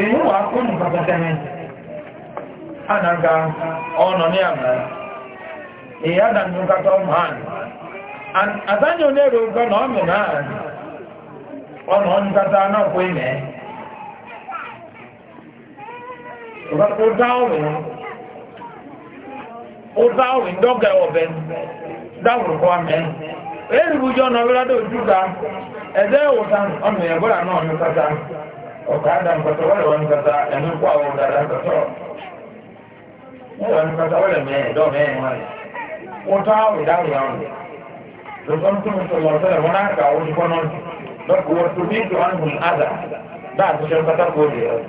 èyí wà kó ní pàtàkì anaga ọ̀nà ní àmà èyí adàmì kàtà ọmọ àná àtànyà onye gọ́nà ọmọ na ọ̀nà na kàtà náà kó ìmẹ̀ ụta ọrị ndị ọga ọbẹ dawụrụkọ ụta na وكان مكتوبة وأن كذا أن يقوى وكذا كتوب وأن كذا ولا مين دو مين ولا وتعاو يدعو يعمل لكن كم صلى الله عليه وسلم هناك أو لك وتبيد عنه الأذى بعد شركة قولي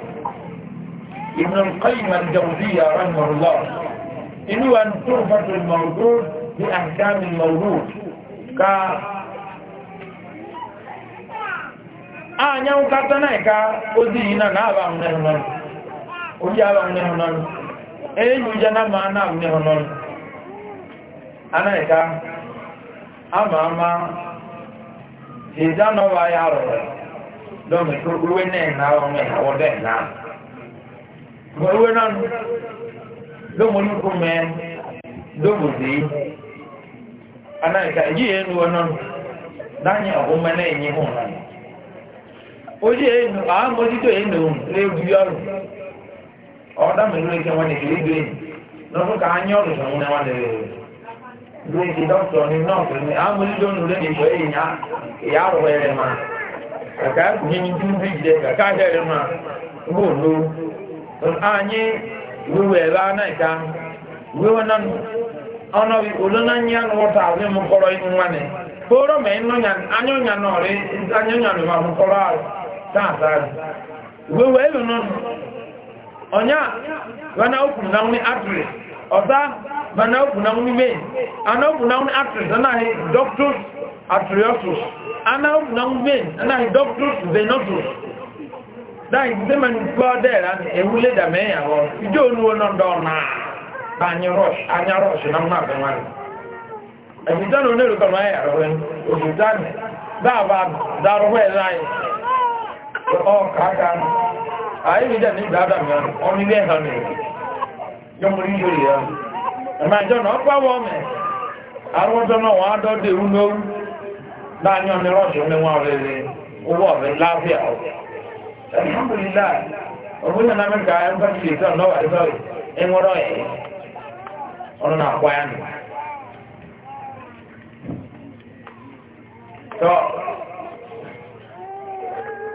ابن القيم الجوزية رحمه الله إنه أن ترفض الموجود بأحكام الموجود ك anyanwụ ah, kata na ka ozi yi na na-aba ahụne hụ n'ọrụ oji aba ahụne hụ n'ọrụ enyi ụja na ma na ahụne a n'ọrụ anaghị ka ama ama ịza nọwa ya rụrụ lọmịkọ uwe na-ena ọmị awọdọ ena mgbe uwe na nụ lọmọlụkwụ mee lọmọdụ yi anaghị ka ejighị enu ọ ojú èèyàn àwọn mójútó èèyàn òun lè bu yọrù ọ̀dọ́ mi lórí kí wọ́n lè kiri gbé lọ́dún ká ní ọ̀rùn ìṣòwò náà wọ́n lè lórí ti dọ́kítọ̀ ní nọ́ọ̀sì ní àwọn mójútó òun lè nìkọ́ èèyàn ìyá àwọ̀ ẹ̀rẹ̀ mà kàkà yìnyín tún bí jẹ kàkà ẹ̀rẹ̀ mà wò ló ànyé wíwẹ̀ ẹ̀rọ anáìka wíwọ́ náà ọ̀nà olóńgbò wọ́tà àwọn ọmọkọ̀rọ̀ inú wọn ni kóró mẹ́ anyọ́nyà náà rí anyọ́nyà ló máa mú kọ́rọ́ àrùn. tààtàrà ìwéwé ìlú nọ́nà ọ̀nyá bana okùn náà ní àtìrì ọ̀dá bana okùn náà ní main na venotus dáì na ma ní na dẹ̀ẹ̀rá ewúlé dàmẹ́yà ọ na onúwo na anyị rọsh anya na mma abịa nwanne ebidan onye rukọ na ya rọrọ obidan daba darụwa ele anyị ọ̀kàkà àìrídà ní ìgbàdà mìíràn ọmọdé ẹ̀hàn ni yọmọrí yóò yá ẹ̀mà ìjọ náà pàwọ́ ọmọ àwọn ọjọ́ náà wọ́n á dọ́dẹ̀ ewu lóru láàrin ọmọ rọ́ọ̀ṣì omi wọn rere owó alhamdulillah ọ̀gbọ́n náà mẹ́ta ẹgbẹ́ ti ṣètò ọ̀nà wà lọ́wọ́ ẹ̀wọ̀rọ̀ ẹ̀ ọ̀nà náà kwáyà nù.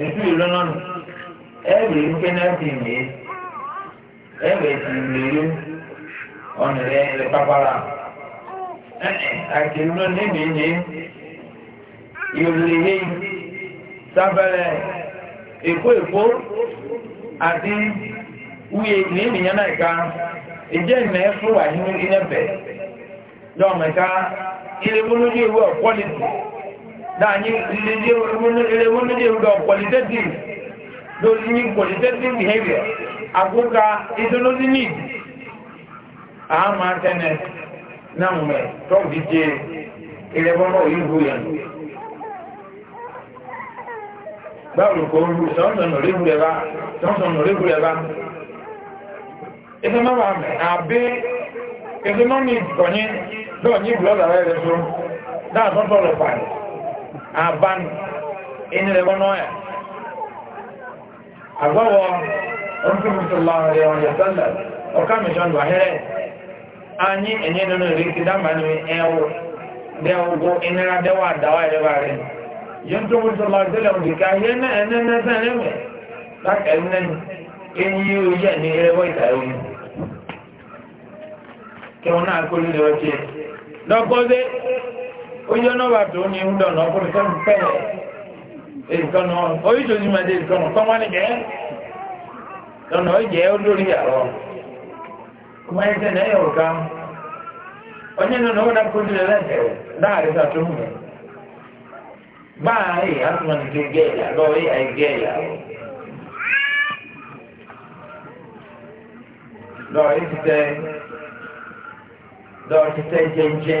ètò ìlọ́nàánù ẹ̀rì ńkẹ́nẹ́tì nìyẹn ẹ̀rì ti lèlú ọ̀nà rẹ̀ lè pápára àti ìlú níbi ní ìrìlẹ̀ sábẹ́rẹ̀ èkó èkó àti wúye ní ènìyàn náà ká ìjẹ́ ìmọ̀ ẹ̀fọ́ wà nínú ilẹ̀ bẹ̀ lọ́mọ̀ká ilé múlódé ìwé ọ̀pọ̀lìtì. dáàyí ilé múnúdé ọ̀dọ̀ qualitative lórí ní qualitative behavior agbóka ìtọ́lódí ní a máa tẹ́nẹ̀ náà mẹ́ tọ́wọ́ fi jẹ ilẹ̀bọ́nà ìlú yẹn báwọn kò rú sọ́nsọ̀nà orígun rẹ̀ bá sọ́nsọ̀nà orígun rẹ̀ bá ẹgbẹ́ máa mẹ́ àbí ẹgbẹ́ máa mi kọ̀nyí lọ́ọ̀ ní ìbúlọ́dà rẹ̀ rẹ̀ tó dáàtọ́tọ̀ lọ pàdé aban inire wọn ọ̀yà àgbọ́wọ́ orúkúrúsọ́lá ọ̀rẹ́ ọ̀rẹ́ sọ́lá ọ̀ká mẹ́ṣọ́n wàhẹ́rẹ́ anyị enye nínú ìrètí dámàánú ẹwọ dẹwọgbọ ìnira dẹwọ àdáwà ẹrẹwà rẹ yẹn tó wọ́n sọ́lá ọ̀tẹ́lẹ̀ òdìkà yẹn náà ẹ̀nẹ́ nẹ́sẹ̀ rẹ̀mẹ̀ lákẹ̀ẹ́ nẹ́nu enyi oyé ní ẹrẹwọ́ ìtàrí kẹwọn náà kó lílẹ̀ ọjẹ́ lọ́kọ́ ojú ọ̀nà wà tó ní ń dọ̀nà ọkùnrin sọ́nù pẹ́lẹ̀ èdìkanà oríṣi ojú máa dé èdìkanà kọ́ wọ́n ní jẹ́ lọ́nà ọ̀jẹ́ olórí àrọ̀ ọmọ ẹ̀ṣẹ̀ náà yọ̀ ká ọjọ́ ìlú náà wọ́n dá kójú rẹ̀ lẹ́sẹ̀ láàrin sàtó mú mi báyìí asùnmọ̀ ní gẹ́gẹ́ ìyá lọ́wọ́ ìyá ìgẹ́ ìyá lọ́wọ́ ìfìtẹ́ lọ́wọ́ ìfìtẹ́ jẹ́ńjẹ́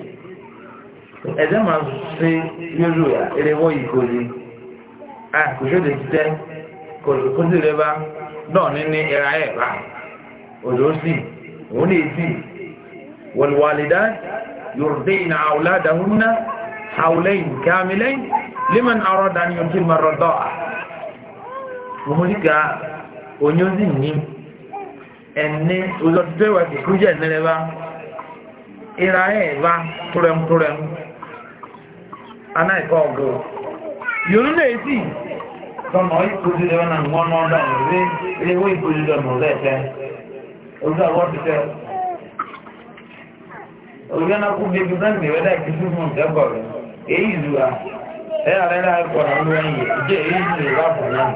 ẹ̀dá máa ń ṣe yóò yà erewọ́ yìí kò yìí a kò ṣe lè tẹ́ kò lè kó sílẹ̀ bá náà ní ní ẹ̀rá ẹ̀ bá òjò sì òun lè sì wọ̀lùwàlìdá yorùbá ìnà àwùlá dàhùnà àwùlẹ́yìn kàmílẹ́yìn lẹ́mọ̀n àrọ̀ dàníyàn tí mo rọ̀dọ̀ à. mo ní ká oyún sì ní ẹni òjò tó tẹ́wàá kìkú jẹ́ ẹ̀nẹ́rẹ́ bá ẹ̀rá ẹ̀ bá túrẹ̀mùtúrẹ̀mù. anáìkọ́ ọ̀gọ́ yóò náà èsì tọ́nà ìkòjìlẹ̀ ọ̀nà wọn ọ̀dọ̀ rẹ̀ ewé ìkòjìlẹ̀ ọ̀nà lẹ́ẹ̀fẹ́ ojú àwọn títẹ́ ojú ẹ̀nà kú bíbi sẹ́ǹdì rẹ̀ dẹ̀ kí fífún ìjẹ́kọ̀ rẹ̀ èyí ìlú wa ẹ̀ àrẹ́ náà kọ̀ náà ló wáyé ìjẹ́ èyí ìlú rẹ̀ láàbù náà.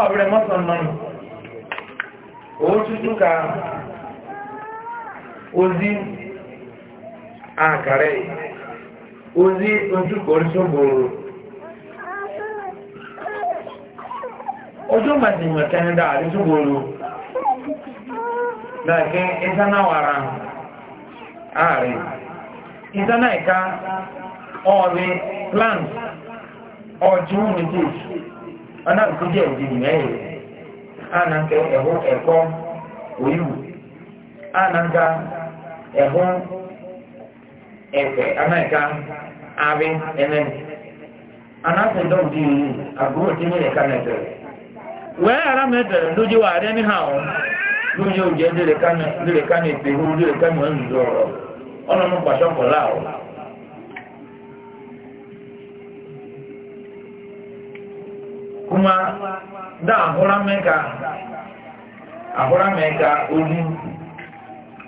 ọ̀rẹ́ ọ án náà òun tútù ká ozi akara ozi ojúkọ̀ọ́sọ́gbòrò ojú màtí mẹ́kẹ́ndà àrísọ́gbòrò na ìsánáwàrá ààrẹ ìsáná ìka ọ̀rẹ́ plant ọjọ́ unitis ọ̀nà ìkújẹ́ ìdìdì mẹ́rin a na nke ẹ̀kọ́ òyìnbó a na nke ẹ̀hún ẹ̀fẹ̀ amẹ́ka abẹ ẹ̀mẹ́ anáfẹ́ dọ́ọ̀ di àbúrò tí yẹn ká mẹ́tẹ̀ wẹ́ẹ́ ara mẹ́tẹ̀ lójú wa rẹ̀ ní hàn lójú òjẹ́ ka na ní ìpè ka lórí ká ní ọ̀nà ìdọ̀rọ̀ ọlọ́mú kuma da ozi.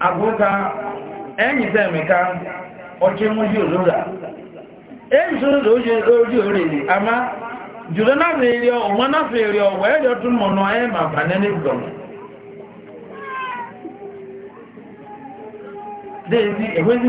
agụka enyi emeka ọchị mụji olora eji oji oriri ama jùlọ náà fi rí ọ wọn náà fi rí ọ wọ́n ẹ̀rọ tún mọ̀nà ẹ̀ máa bà nínú ìgbọ̀n. déèzì èwézì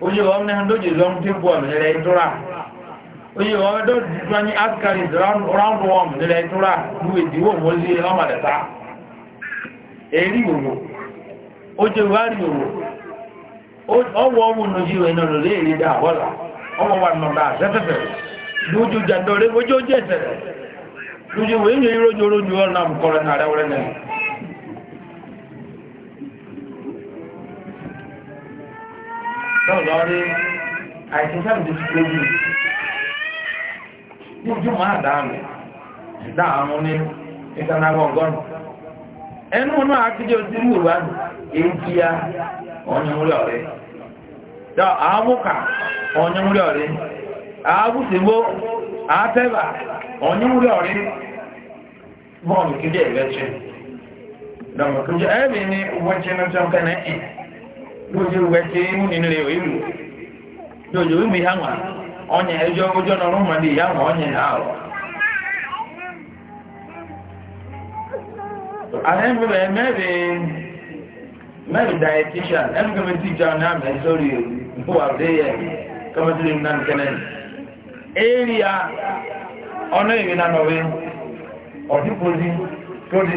oye wa mne hando je long tim bo ne le tura eh, oye wa do twani askari round round warm ne le tura du e diwo mo le ha ma ta eri wo oje wa ri wo o wo wo no ji we no lo le ri da wala o wo wa no da se se lójú jàndọ̀ rẹ̀ ojú ó lójú wèé yẹ ìrójú ọ̀nà àmukọ̀rẹ̀ nàrẹ̀ wọlé nìyẹn lọ́wọ́ lọ rí àìsàn sáà lè ṣe ní ojú ẹnu ya ọ̀nyẹ̀múrí ọ̀rẹ́ dọ́ ọ̀nyẹ̀múrí ọ̀rẹ́ àábùsìnbó àátẹ́bà ọ̀nyẹ̀múrí ọ̀rẹ́ bọ́ọ̀lù kéde ẹ̀rẹ́ ṣe lọ́mọ̀kéde náà lójú ìwé tí mú nínú rẹ̀ ìlú lójú ìwé mi yáwà ọ̀nyẹ̀ ẹjọ́ ojú ọ̀nà ọ̀rùn mọ̀lẹ́ yáwà ọ̀nyẹ̀ náà rọ̀. àyẹ̀ mi bẹ̀rẹ̀ mẹ́rin mẹ́rin dietitian ẹnu kẹ́mi tíjà náà mẹ́ sórí ìfowó àbúdéyẹ kẹ́mi tó lè na nìkẹ́nẹ́ èrìà ọ̀nà ìwé náà nọ̀wé ọ̀dípòsí tó di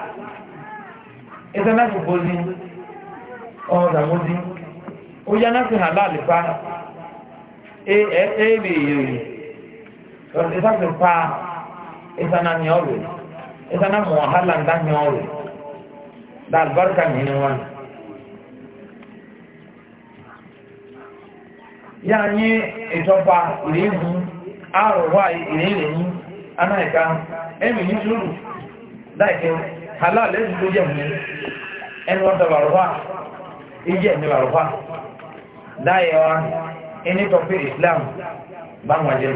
ẹsẹ̀ náà kò bózi ọ̀rọ̀ àmózi ó yá náà fi hàn láàlè pa ẹ̀ẹ́bẹ̀ èrè ẹ̀sẹ̀ náà pa ẹsẹ̀ náà ní ọ̀rọ̀ ẹsẹ̀ náà na dàlbárkà ní ni wọn. yá ní ìtọ́pa ìrìnbù àrùwá ìrìnlẹ̀ ní halal ẹ̀sùn tó jẹ́ mú ẹni wọ́n tọ̀bà rọ́wà ìjẹ́ ẹ̀mí bà rọ́wà dáyẹ̀ wa ẹni tọ́pẹ́ islam bá wọn jẹ́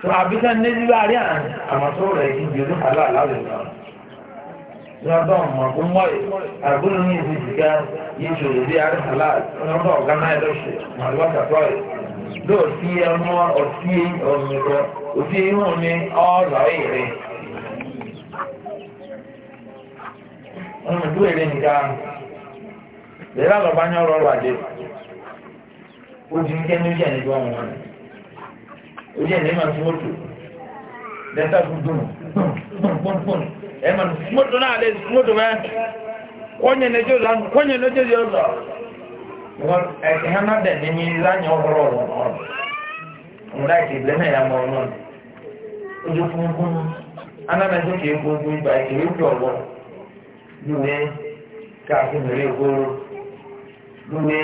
tó àbíkẹ́ ní ní láàrin àwọn tó rẹ̀ ti jẹ́ halal láwùjọ lọ́dọ̀ ọmọ kó mọ́ ẹ̀ àgbóhùn ní ìlú ìdíkà yìí ṣòro bí arí halal lọ́dọ̀ ọmọ ìlú èrè nìkan lèrè àlọ́bá ní ọ̀rọ̀ ọ̀rọ̀ àdé ó di nìkẹ́ ní ojú ẹ̀ nígbà wọn wọn moto. ẹ̀ ní ma fi mọ́tò lẹ́tà fún dùn pọ̀npọ̀n ẹ̀ ma mọ́tò náà lè ndị bẹ́ẹ̀ kọ́nyẹ̀ ní ojú ọ̀la kọ́nyẹ̀ ní ojú ọ̀la wọn ẹ̀kẹ́ hàn náà dẹ̀ ní ní lányẹ̀ ọ̀rọ̀ ọ̀rọ̀ ọ̀rọ̀ ọ̀rọ̀ ẹ̀kẹ́ ìgbẹ́ lune káàfin lórí ìgboro lune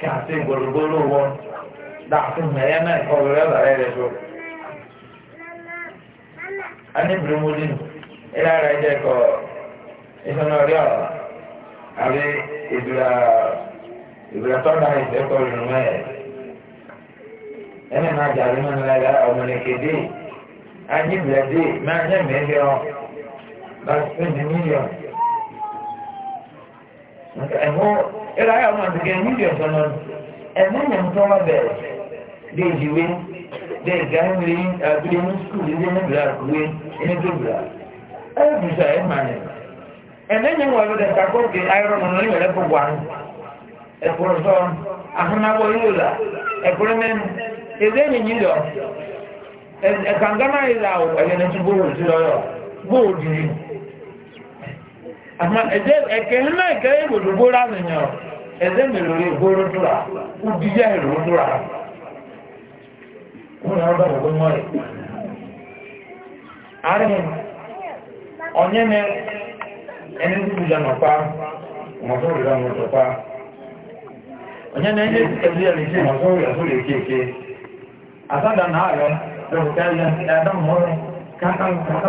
káàfin gbòlógbòló wọn dààfin mẹrẹ náà kọ lórí ọlọrẹ rẹ tó. anibiri mudi ilé ara ẹjẹ kọ ìfúnná orí ọ̀rọ̀ àbí ìdúrà ìdúrà tọ́lá ìfẹ́kọ̀ọ́ lónìí mẹ́ẹ̀ ẹni máa jàdí mọ́ni lára ọmọ nìkéde anyi bìlẹ̀ dé máa ń yẹ mẹ́rin ọ lọ sí ẹ̀họ́ ẹ̀rọ ayé ọmọ àtìkẹ́ níbi ọ̀sán náà ẹ̀mọ́ ìyẹn tó wá bẹ̀rẹ̀ dé ìdíwé dé ìgáhìnrí abúlé ní skul ilé níbìlá àkúwé ní gbèbìlá ẹ̀rọ bìsà ẹ̀ mà ní. ẹ̀mọ́ ìyẹn wọ̀ ẹ̀rọ dẹ̀ka kókè ayọ̀rọ̀ nínú ìwẹ̀rẹ̀ gbogbo àná ẹ̀kúrọ̀ sọ ahọ́nàbọ̀ yóò là ẹ̀kúrọ̀ mẹ́nu ẹ̀dẹ́ ni yìí lọ ẹ̀kàngánná yìí là ọ̀ àmà ẹ̀jẹ̀ ẹ̀kẹ́ náà ẹ̀kẹ́ ìgbòdògbò ránìyàn ẹ̀jẹ̀ mélòó lè gbóró dúrà ó jíjẹ́ ìró dúrà wọn náà bá wọ́n mọ́ rẹ̀. àárín ọ̀nyẹ́ ẹni tó ti jẹun ọ̀pá mọ̀tò rẹ̀ lọ́wọ́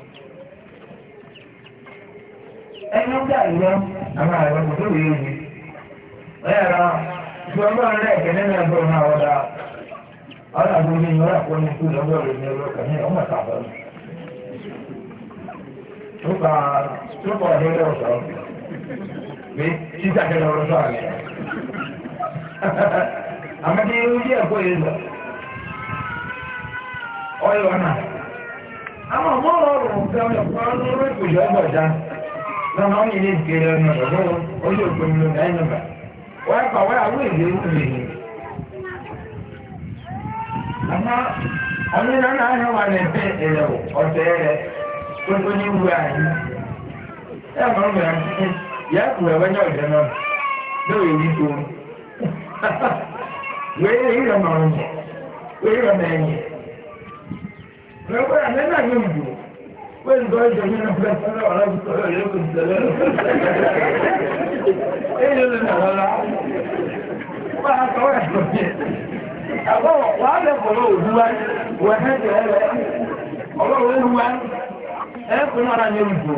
ẹni ń dà ìwọ àwọn àwọn ọmọdé wòye yìí ẹ̀rọ ìfọwọ́ rẹ̀ kẹ́lẹ́ náà ní ikú ní kàní ọmọ títà sọ àmọ́tí díẹ̀ lọ náà àmọ́ lọ́nà ọ̀nà ilé ìgbé ẹnu ọ̀dọ́ ojú òpin ló dá ẹnu bà wọ́n pa wọ́n àwọn èdè ń lè ní. àmọ́ ọ̀nà náà náà yọ wà lẹ́bẹ̀ ẹ̀rẹ̀ ọ̀tẹ̀ rẹ̀ tó ní wú àyè. ẹ mọ̀ ọ́n mẹ́rin títí yẹ kù ẹ̀wẹ́ ní ọ̀dẹ́ náà lórí èyí tó ń. wéèrè ìrọ̀mọ̀ ọ̀rùn wéèrè ọ̀mọ̀ ẹ̀yìn. lọ́gbọ́n àná وين بعيد هنا في السنة ولا في السنة يوم السلام ايه اللي نهلا ما حتى واحد وهذا قلوب هو وهذا هذا قلوب هو ẹkùn náà ní ìgbò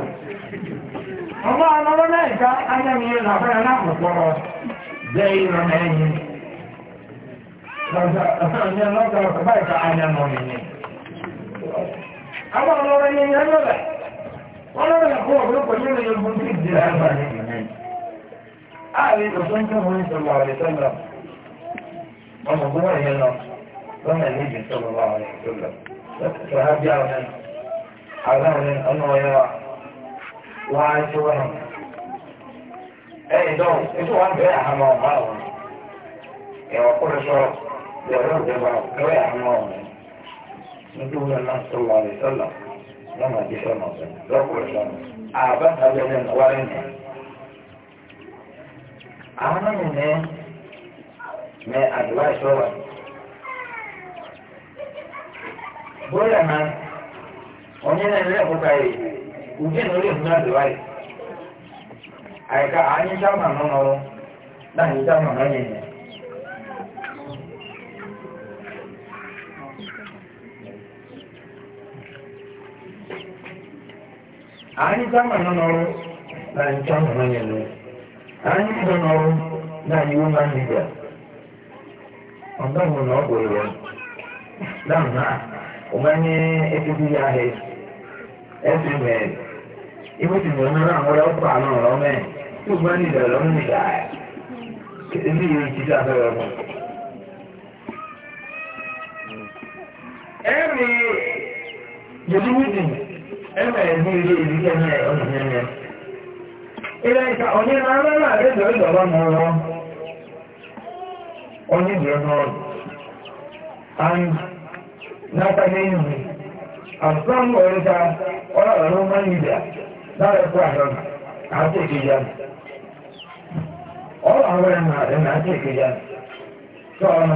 ọmọ ọmọ mẹ́ta ajẹ́mìí làbẹ́rẹ́ lápòpọ̀rọ̀ jẹ́ ìrọ̀ mẹ́yìn lọ́jọ́ ọ̀sán ní ọlọ́jọ́ ọ̀sán báyìí ká ajẹ́mọ̀ nìyẹn àwọn ọmọ ọmọ yẹn yẹn lọ́lẹ̀ wọ́n lọ́lẹ̀ kó ọ̀pọ̀lọpọ̀ yẹn lọ́lẹ̀ fún tí ìdí àbá yẹn ààrẹ ìtọ́sọ́n tó wọ́n sọ̀rọ̀ àrẹ sọ́lọ̀ ọmọ ọmọ yẹn lọ lọ́nà ìlú sọ̀rọ̀ àrẹ sọ́lọ̀ sọ̀hábí àwọn àwọn ọmọ yẹn wa wọ́n á ṣe wọ́n ẹ̀yìn dọ́wọ́ ètò wọn bẹ̀rẹ̀ àhámọ́ ọ̀bá wọn ẹ̀wọ̀n kúrẹ́sọ̀rọ̀ lọ́rọ̀ ìjọba ọ̀kẹ́rẹ́ àhámọ́ ọ̀bá nítorí náà sọ̀rọ̀ àrẹ sọ̀lọ̀ lọ́nà àti sọ̀nà ọ̀sẹ̀ lọ́kùnrin sọ̀nà àbá àjọyọ̀ ìnáwárẹ̀ nù. àwọn náà ní mẹ àdúrà ìṣọ́ra bóyá náà onye náà ilé ẹ̀kọ́ káyé ùdí ní orí ìfúnná àdúrà yìí àyíká àyíká màmá nọrọ anyị jama nọ n'ọrụ na ncha mmanya nọ anyị nọ n'ọrụ na iwu na media ọgbahụ na ọ bụ ya dama ụmanye ebibi ya ahị esimel ibuti na onye na nwere ọkụ anọ ọrụ mee tupu anyị lere ọnụ ndịda Kedu ndị ya echi ji abịa ọrụ every the living ẹgbẹ̀rẹ̀ ní ilé ìdílé ní ọ̀sẹ̀rẹ̀. Ilẹ̀ ìka ọ̀nà arára àrẹ́jọ ìjọba mọ̀ nwere onígbẹ̀rẹ̀ and látàlẹ́yìn àfúrán ọ̀rẹ́ta ọlọ́rọ̀ máa ń yìí láàrẹ́kọ́ àrọ̀ àti ìkẹjà. Ọlọ́ àwọn ẹ̀mà ẹ̀mà na ìkẹjà tó ọ̀nà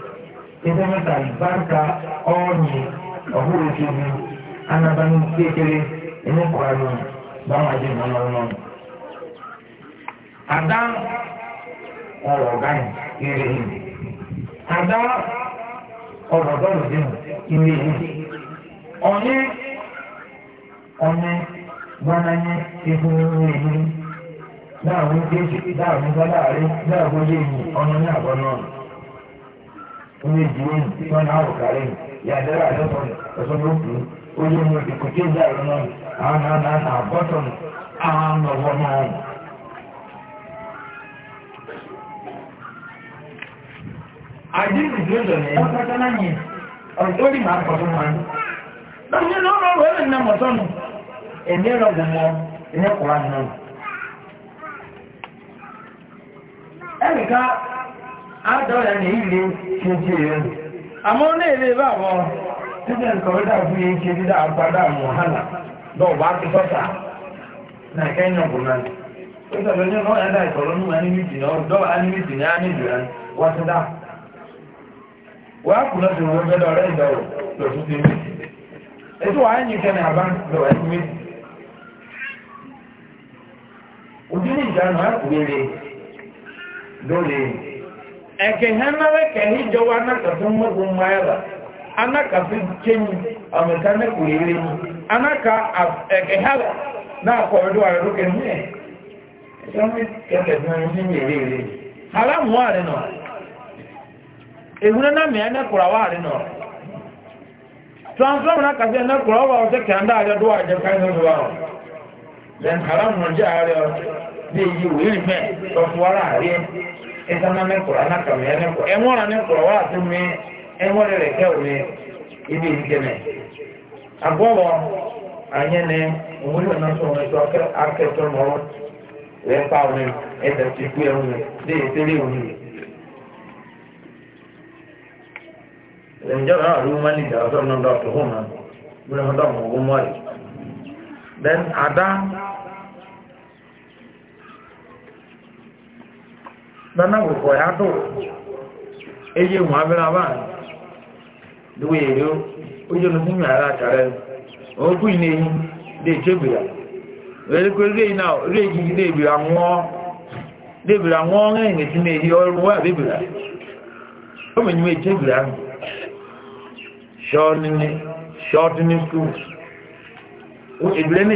ebe maka barka ọnyị ọhụrụ echezi anabanye kekere enyekwara gbanwaje n'ọnụ ada ọrọgani ire ihe ada ọrọdọrọdị ire ihe onye onye gbananye ihu nri ihe dáàmú gbèsè dáàmú ní ji tí wọ́n náà wò kárí yàtọ̀rọ̀ àtọ́tọ̀ ọ̀sọ́mọ́kù ó yẹ ndị ìkùté ìjà ìrọ̀nà na náà náà bọ́tọ̀n àwọn ọ̀wọ́ náà. àdé na ní ẹ̀yọ́ na náà yẹn ọ̀rọ̀ ní màá kọ̀ fún wọn. adọ́rẹ̀ ní ilé ṣe rẹ̀. àmọ́ ní ilé bàbọ̀ títẹ̀ kọ̀rọ̀dà fún yí dídá àpádà mọ̀hánà lọ́wọ́ ti na kẹ́yìn ọ̀gbọ̀nà ojú ní lórí ekehanawe kehijowa anakasi mmadụ na-akọrọdụ arịrụ kenye sọmi kẹkẹsì ka ní yèrè rè haramu ehun náà mìíràn náà wà rẹ nọ transform náà kàfíà náà tó wà wà bí ẹ̀sánná mẹ́kọ̀ọ́ anákàmì ẹ̀mẹ́kọ̀ọ́ ẹ̀wọ́nra mẹ́kọ̀ọ́ wà tó mi ẹ̀wọ́n rẹ̀ kẹ́ omi ibi ìdíkẹ́mẹ̀ agbọ́wọ́ anyẹ́nẹ òun yóò náà sọ̀rọ̀ ètò akẹ́tọ̀ mọ́rọ́ rẹ̀ pa omi ẹ̀dẹ̀ ti kú ẹ̀wọ̀n mi dé ìtẹ́lẹ̀ òun mi. ìjọba náà ló máa ní ìdàgbàsọ́ tó hùn nana wòkọ̀ ya tó eye wọn abẹ́rẹ́ abáàrin lówó èrè ó jẹ́ lókún mi àrà àtàrẹ òun kú ìní eyín lè tẹ́bìrà rẹ̀lẹ́kọ́ lè iná rẹ̀ na lèbìrà wọ́n lèbìrà wọ́n rẹ̀ ìrìn sí ní èyí ọrùn wà lèbìrà ọmọ ìyìnwé tẹ́bìrà ṣọ́ọ̀tí ní skúl ìbìrẹ́ ní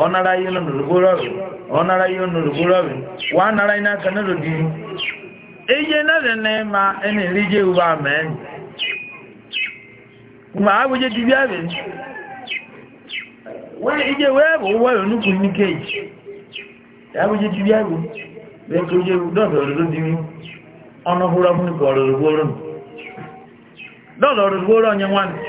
ọ̀nara yìí lọ́nùrùgbòrọ̀wì ọrụ yìí lọ́nùrùgbòrọ̀wì wà nára ka kan náà lòdì na náà ní ma ẹni rí jẹ́ ìwà ma á wújẹ́ ti bí àbẹ̀ ije wẹ́ẹ̀bù wọ́ọ̀rọ̀ nùkù ní kéèjì ya di onye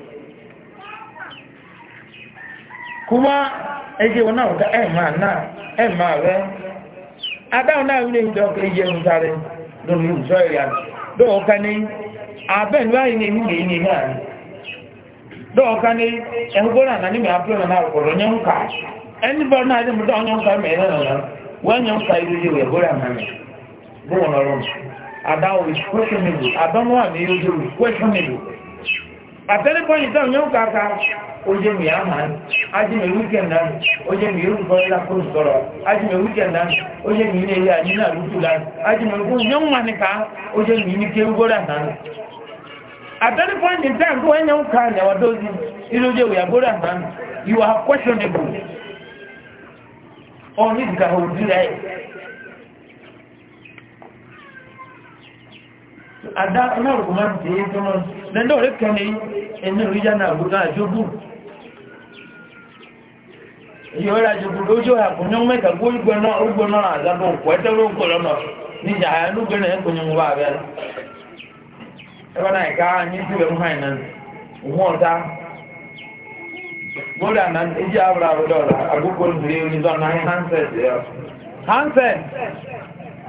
kuma eje wọn náà ẹ máa náà ẹ máa rẹ adáwọn náà wílé ìjọ kò yẹ ń sáré lórí ìṣọ ìyá lọ́wọ́ ní abẹ́nu láì ní ìlú ìní náà ní náà náà kọ̀rọ̀ ẹni bọ́ náà mẹ́rin náà wọ́n náà àtẹ́lẹ́ pọ́yì tán yóò kàkà oye mi àmàn ajímẹ̀ wíkẹ̀ndà oye mi irú nǹkan ńlá kó sọ̀rọ̀ ajímẹ̀ wíkẹ̀ndà oye mi ilé ilé àyínà lùtù lá ajímẹ̀ kó yóò wà oye mi ní kéwú gbọ́dà náà àtẹ́lẹ́ pọ́yì kó ń ka àyàwó dózi ilé oye òyà gbọ́dà náà you are questionable oh, ada na rukuman te yi tunan don da wadda kan yi na guda ajogun yóò rájú gbogbo ojú àkùnrin mẹ́ta gbogbo náà gbogbo náà àgbàdo pẹ̀tẹ́rù ògbò lọ́nà anyị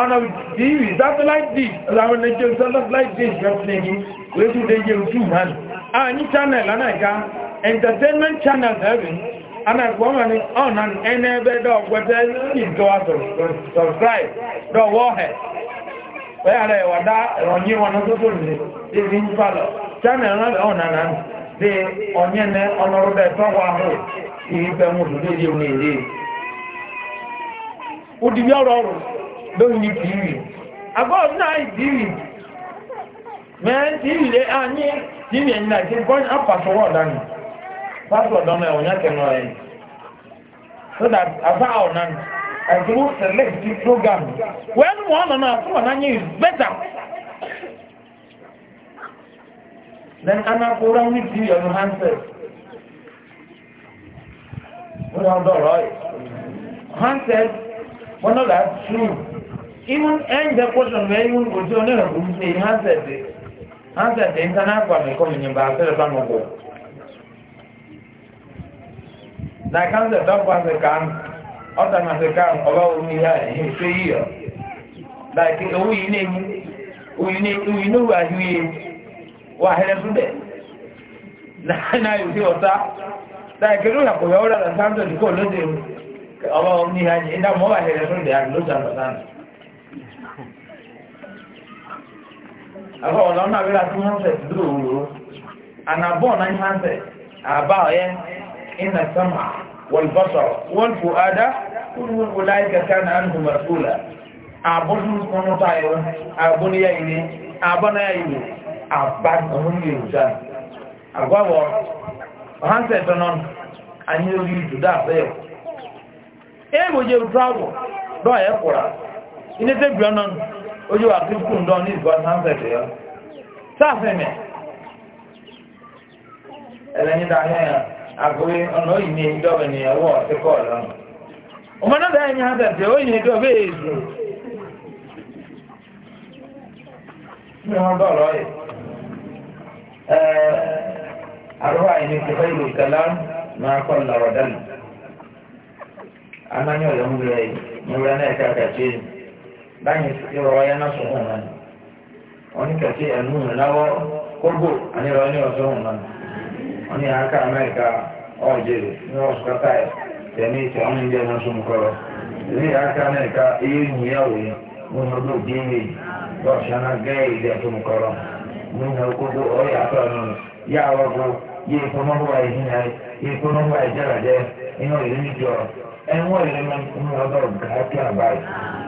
ọ̀nà ìdí satellite dish láwọn ẹjẹ́ like this. rẹ̀pìnlẹ̀yìn wéṣù déjẹ́ ojú man a ah, ní channel anáìká entertainment channel ẹ̀rìn anáìkọ̀ọ́mà ní ọ̀nà ẹni ẹgbẹ́ dọ̀ọ̀gbẹ́tẹ́ ìjọwà subscribe dọ̀wọ́hẹ̀ pẹ́yàrẹ̀ ìwàdá ìrọ̀nyí wọn tó tó lè rí ń pàlọ̀ channel rẹ̀ ọ̀nà náà dé ọ̀nyẹ́nẹ́ ọlọ́rọ̀dẹ̀ tọ́wọ́ ahọ́ ìrìnbẹ̀mù lórí ìrìn èrè lóyìn tìrì àbọ̀ náà ìdírì mẹ́rin tìrì lé ààyè tìrì ẹ̀yìn náà ìṣẹ́ gbọ́n àpàṣọwọ́ ọ̀dánù pásọ̀ ọ̀dánù ẹ̀wọ̀n yá kẹnu so that àbá ọ̀nà oh, select program nọ better then handset dọ̀rọ̀ ẹ̀ handset wọ́n náà láti true even end the wey even go to another say answer the answer the internet kwa me come in ba ba go na kan the dog was the can na oba o mi ya e se like o yi ne mi o yi ne o yi no wa yi na na yu ti ota like ru ya ko na ra la santo ko lo de oba o mi ya ni na mo wa hele su de a lo santo santo àwọn ọ̀nà ọ̀nà àwẹ́rà tí wọ́n fẹ̀ dúró òwúrò ànàbọ̀ náà ń fẹ̀ àbá ọ̀yẹ́ iná sọ́mà wọ̀lbọ́sọ̀ wọ́n fò ádá kúrúwọ́n wò láì kẹta náà ń hù mọ̀sùlá àbọ̀dún kọ́nù táyọ̀ àbọ̀nìyà ilé àbọ̀nìyà ilé àbá ọ̀hún ilé ìjà àgbàwọ̀ ọ̀hánsẹ̀ tọ́nà anyị orí ojú wa kí kú ndọ́ ní ìgbà sáńsẹ̀tì yọ sáfẹ̀mì ẹlẹ́yìn dá hẹ́ ọ̀nà òyìn ní ìdọ́bẹ̀ ní ẹwọ́ ti kọ́ ọ̀lọ́ ọmọ náà dá ẹ̀yìn sáńsẹ̀tì òyìn ìdọ́bẹ̀ èzù mi yìí yìí ìlú máa kọ́ yọ̀ ń wúlẹ̀ yìí náà báyìí ìrọ̀ ya náà sọ̀rọ̀ náà ni wọ́n ní kẹ̀kẹ́ ẹ̀nú ìnáwó kógò àníwọ̀ ní ọ̀sọ̀rọ̀ náà wọ́n ní àáká amẹ́ríkà ọ̀jẹ̀rẹ̀ ní ọ̀sọ̀kátà ẹ̀ tẹ̀mí ìtẹ̀ ọ̀nà ìjẹ́ náà sọ̀rọ̀ kọ́rọ̀ ní àáká amẹ́ríkà eyé ìmúyàwó yẹn mo ní ọdún òbí mi lọ́ọ̀ṣẹ́ náà gẹ́ẹ̀ ìdí ẹ̀sọ̀rọ̀ kọ́rọ̀ mo ní ọ̀yà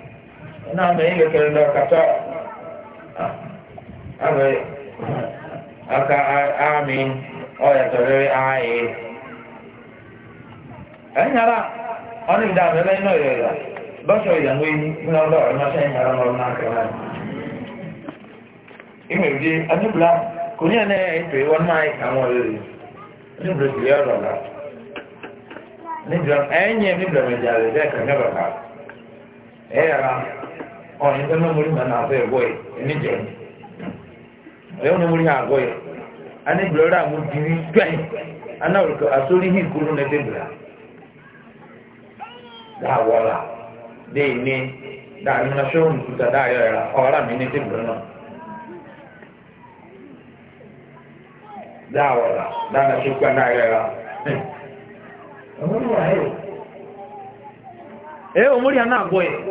náà mẹ ilé kẹrin lọ kàtọ àwẹ aka àmì ọyàtọ lórí ààyè ẹyìn ara ọdún ìdá àmì ẹlẹyìn náà yọ ìyá lọsọ ìyàwó yìí ní ọdọ ọdún ọsẹ ìyàrá ọdún náà kẹwàá ìmọ̀ ìdí adébùlá kò ní ẹ̀nà ìpè wọn máa àwọn olórí níbi ìpìlẹ̀ ọ̀rọ̀ la níbi ẹ̀yìn níbi ìdọ̀mẹ̀jà rẹ̀ bẹ́ẹ̀ kàn ní bàbá ẹ̀yàrá. ọ̀yìn tó náà múrí màná àfẹ́ ẹ̀gbọ́ ẹ̀ níjẹ̀ ẹ̀yọ́ náà múrí àgọ́ ẹ̀ anígbèrè àwọn obìnrin gbẹ̀yìn anáwòrán àsórí hìn kúrú náà débìrà dáwọ́lá dé ní kúta ẹ̀rà mi ní náà ẹ̀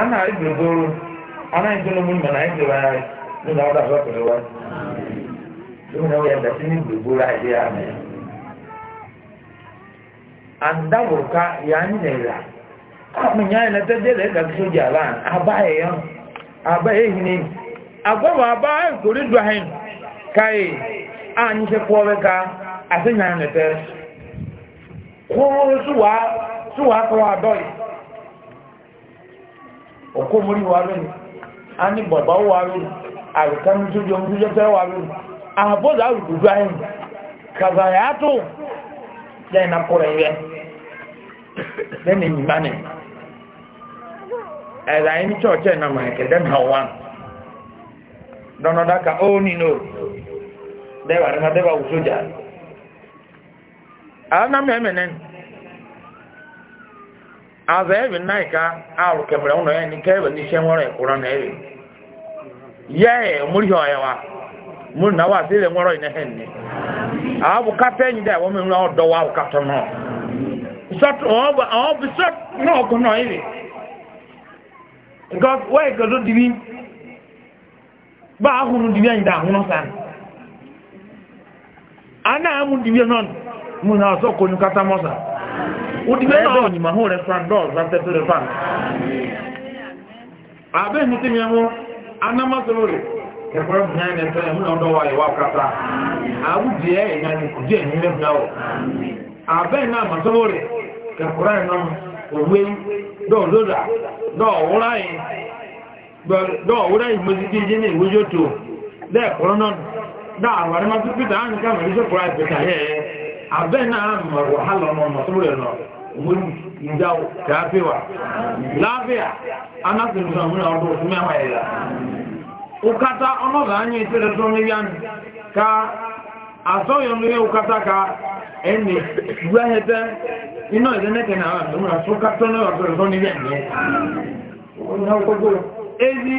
ana igbogoro ana igbolomo mana igbola ya nínú àwọn ya pẹ̀lú wa lónìí àwọn yàgbà sí ní gbogbo àìdí àmì àdáwòká yà ń nìyà ya yà ń tẹ́jẹ́ ya sójà láàrín abáyé yàn abáyé yìí ni agbọ́wọ̀ abáyé kòrí dùhìn káyé àyìn ṣe kú ọbẹ̀ ká òkú múrí wà lónìí a ní bàbá wà lónìí àrùkánu tó jọ tó jẹ́fẹ́ wà lónìí àbọ́dà àrùdùdú ayìn kàzàyà tó lẹ́yìn akọrẹ̀ rẹ̀ lẹ́nà ìyìnbá ni ẹ̀rà yìí ní chọ́ọ̀chẹ́ ìnàmà ẹ̀kẹ́dẹ́ náà wà dọ́nà dáka aza ebe naika arụ kemere ụlọ ya nke ebe n'ise nwere kwụrụ na ebe ye murihi ọyawa muri na wasi ile nwere ine hen eh, ne abu kata enyi da wọmi nwa ọdọwa abu kata nọ sọtụ ọba ọbụ sọtụ n'ọkụ nọ ebe nke wee gozo dibi ba ahụrụ dibi anyị dị ahụ n'ọsa a na-amụ dibi nọ mụ na ọsọ konyụ kata mọsa òdìgbẹ́ náà òyìnbó ahó rẹ̀ fan dọ́ọ̀ láti rẹ̀ fan. àbẹ́ ní tí mi mú anamọ́sọ̀rọ̀ rẹ̀ na mi náà ẹ̀ sẹ́yìn mú ọ̀dọ́ wa ìwà kata àwùjẹ ẹ̀yà ni kò díẹ̀ ní lẹ́fúnà ọ̀ àbẹ́ náà mọ̀sọ̀rọ̀ rẹ̀ ẹ̀kọ́rọ̀ ẹ̀ náà òwe dọ́ọ̀ lódà dọ́ọ̀ wúrà yìí dọ́ọ̀ wúrà yìí mo ti di ìjẹ́ ní ìwújọ́ tó lẹ́ẹ̀kọ́rọ̀ náà dáa abẹ́ náà mọ̀rọ̀ hálọ̀ ọmọ mọ̀sọ́rọ̀ ẹ̀nà mú ìjà ọmụ láàfíà anásìnkúnà múnà ọdún òsùn mẹ́wàá ẹ̀yà ukata ọmọdà ányẹ ìtẹ́lẹ̀ tó ní yán ka àsọ́yọ̀ ní ukata ka ẹni gbẹ́hẹ́tẹ́ iná ìdẹ́nẹ́kẹ̀ náà múnà sókàtọ́ ezi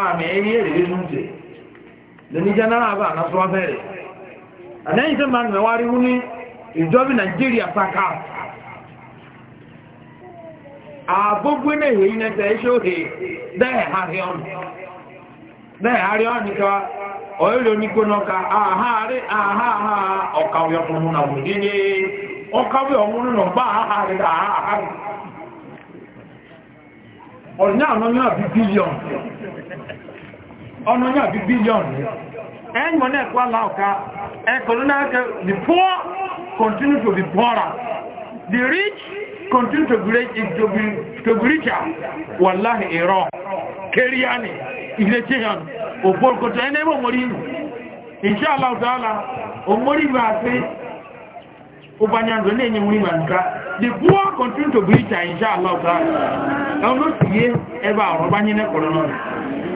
àmì lẹ́ni jẹ́nàrà àbá ànásọ́wá fẹ́rẹ̀ àdẹ́yìn tẹ́ máa mẹ́wàá rí ní ìjọbi nàìjíríà pàkà àgbógbé náà èyí ní ẹ̀tẹ̀ iṣẹ́ òhè dẹ́ẹ̀hárí ọ́ nìkà ọ̀ẹ́lẹ̀ onígbónáka àhárí àháhá ọ̀kàwẹ̀ ọkùnrin náà wò náà bá àhárí ọ̀nà àwọn bí bílíọ̀nù ọ̀nà yà bí bílíọ̀nù ẹ̀yìnmọ̀ náà kó aláọ̀ká ẹ̀kọ̀lú náà kẹ́ the poor continue to be poorer the rich continue to be, to be richer wàláhì ìrọ̀ kẹríyàní ilé tíyàn òpóòkòtò ẹni ẹmọ mọ́rí inú ìṣẹ́ aláọ̀tọ́lá òmórí bá pé ó bá nyàndó ní ẹ̀yìn wíwà the poor continue to richer ìṣẹ́ aláọ̀tọ́lá ẹ̀wọ̀n ló sì yé ẹbà ọ̀rọ̀ bá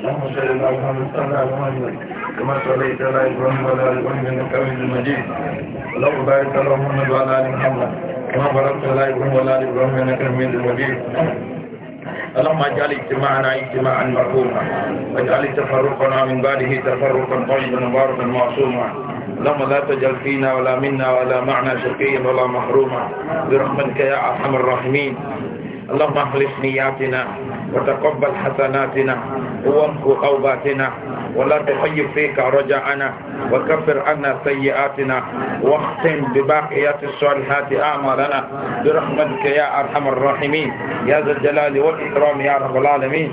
اللهم صل على محمد وعلى ال محمد كما صليت على ابراهيم وعلى ال ابراهيم انك حميد مجيد اللهم بارك على محمد وعلى ال محمد كما باركت على ابراهيم وعلى ال ابراهيم انك حميد مجيد اللهم اجعل اجتماعنا اجتماعا مرحوما واجعل تفرقنا من بعده تفرقا طيبا مباركا معصوما اللهم لا تجعل فينا ولا منا ولا معنا شقيا ولا محروما برحمتك يا ارحم الراحمين اللهم اخلص نياتنا وتقبل حسناتنا وامحو اوباتنا ولا تخيب فيك رجعنا وكفر عنا سيئاتنا واختم بباقيات الصالحات اعمالنا برحمتك يا ارحم الراحمين يا ذا الجلال والاكرام يا رب العالمين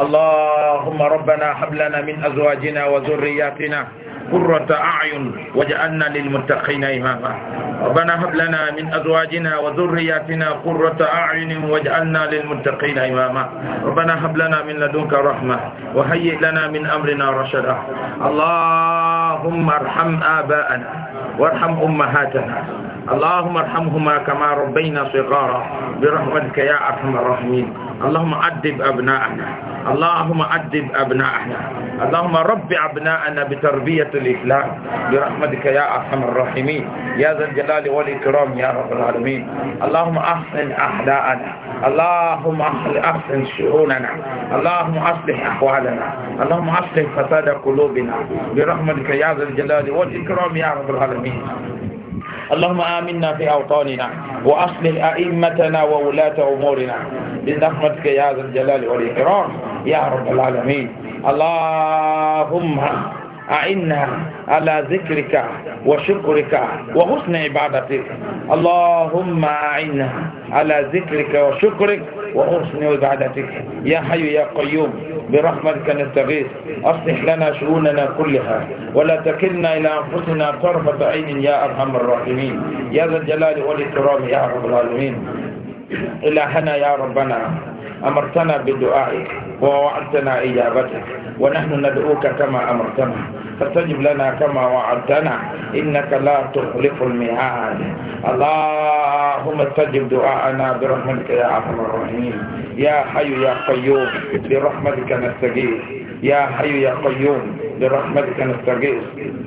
اللهم ربنا حبلنا لنا من ازواجنا وذرياتنا قرة أعين وجعلنا للمتقين إماما ربنا هب لنا من أزواجنا وذرياتنا قرة أعين وجعلنا للمتقين إماما ربنا هب لنا من لدنك رحمة وهيئ لنا من أمرنا رشدا اللهم ارحم آباءنا وارحم أمهاتنا اللهم ارحمهما كما ربينا صغارا برحمتك يا أرحم الراحمين اللهم أدب أبناءنا اللهم أدب أبناءنا اللهم رب أبناءنا بتربية الإسلام برحمتك يا أرحم الراحمين يا ذا الجلال والإكرام يا رب العالمين اللهم أحسن أحداءنا اللهم أحسن شؤوننا اللهم أصلح أحوالنا اللهم أصلح فساد قلوبنا برحمتك يا ذا الجلال والإكرام يا رب العالمين اللهم آمنا في أوطاننا وأصلح أئمتنا وولاة أمورنا برحمتك يا ذا الجلال والإكرام يا رب العالمين اللهم أعنا على ذكرك وشكرك وحسن عبادتك اللهم أعنا على ذكرك وشكرك وحسن عبادتك يا حي يا قيوم برحمتك نستغيث أصلح لنا شؤوننا كلها ولا تكلنا إلى أنفسنا طرفة عين يا أرحم الراحمين يا ذا الجلال والإكرام يا رب العالمين إلهنا يا ربنا أمرتنا بدعائك ووعدتنا إجابتك ونحن ندعوك كما أمرتنا فاستجب لنا كما وعدتنا إنك لا تخلف الميعاد اللهم استجب دعاءنا برحمتك يا أرحم الراحمين يا حي يا قيوم برحمتك نستجيب يا حي يا قيوم برحمتك نستغيث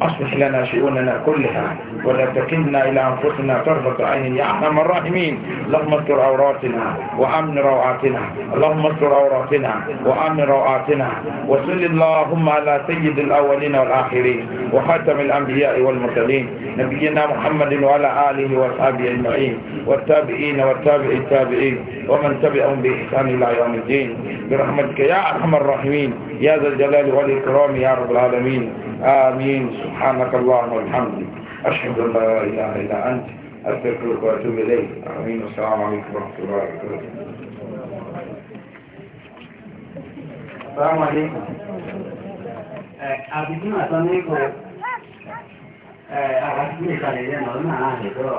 أصلح لنا شؤوننا كلها ولا تكلنا إلى أنفسنا طرفة عين يا أرحم الراحمين اللهم استر عوراتنا وأمن روعاتنا اللهم استر عوراتنا وأمن روعاتنا وصل اللهم على سيد الأولين والآخرين وخاتم الأنبياء والمرسلين نبينا محمد وعلى آله وأصحابه أجمعين والتابعين والتابع التابعين ومن تبعهم بإحسان إلى يوم الدين برحمتك يا أرحم الراحمين يا ذا الجلال والإكرام يا رب العالمين آمين سبحانك اللهم والحمد أشهد أن لا إله إلا أنت أستغفرك وأتوب إليك آمين السلام عليكم ورحمة الله وبركاته السلام عليكم àbìdí àtọ́ ní kò àwọn tí ó ìkàlẹ̀ yẹn lọ náà àìjọ́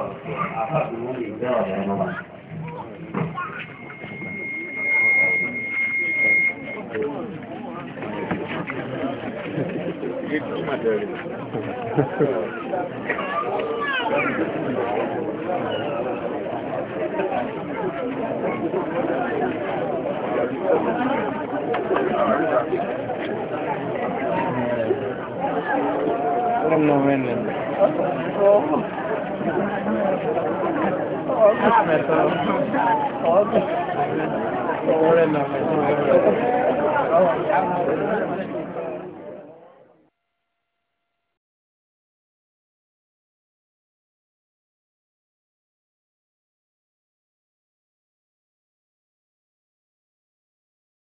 àpapọ̀ mọ́ ìgbẹ́ ọ̀rẹ́ ọmọ No venden. Ahora no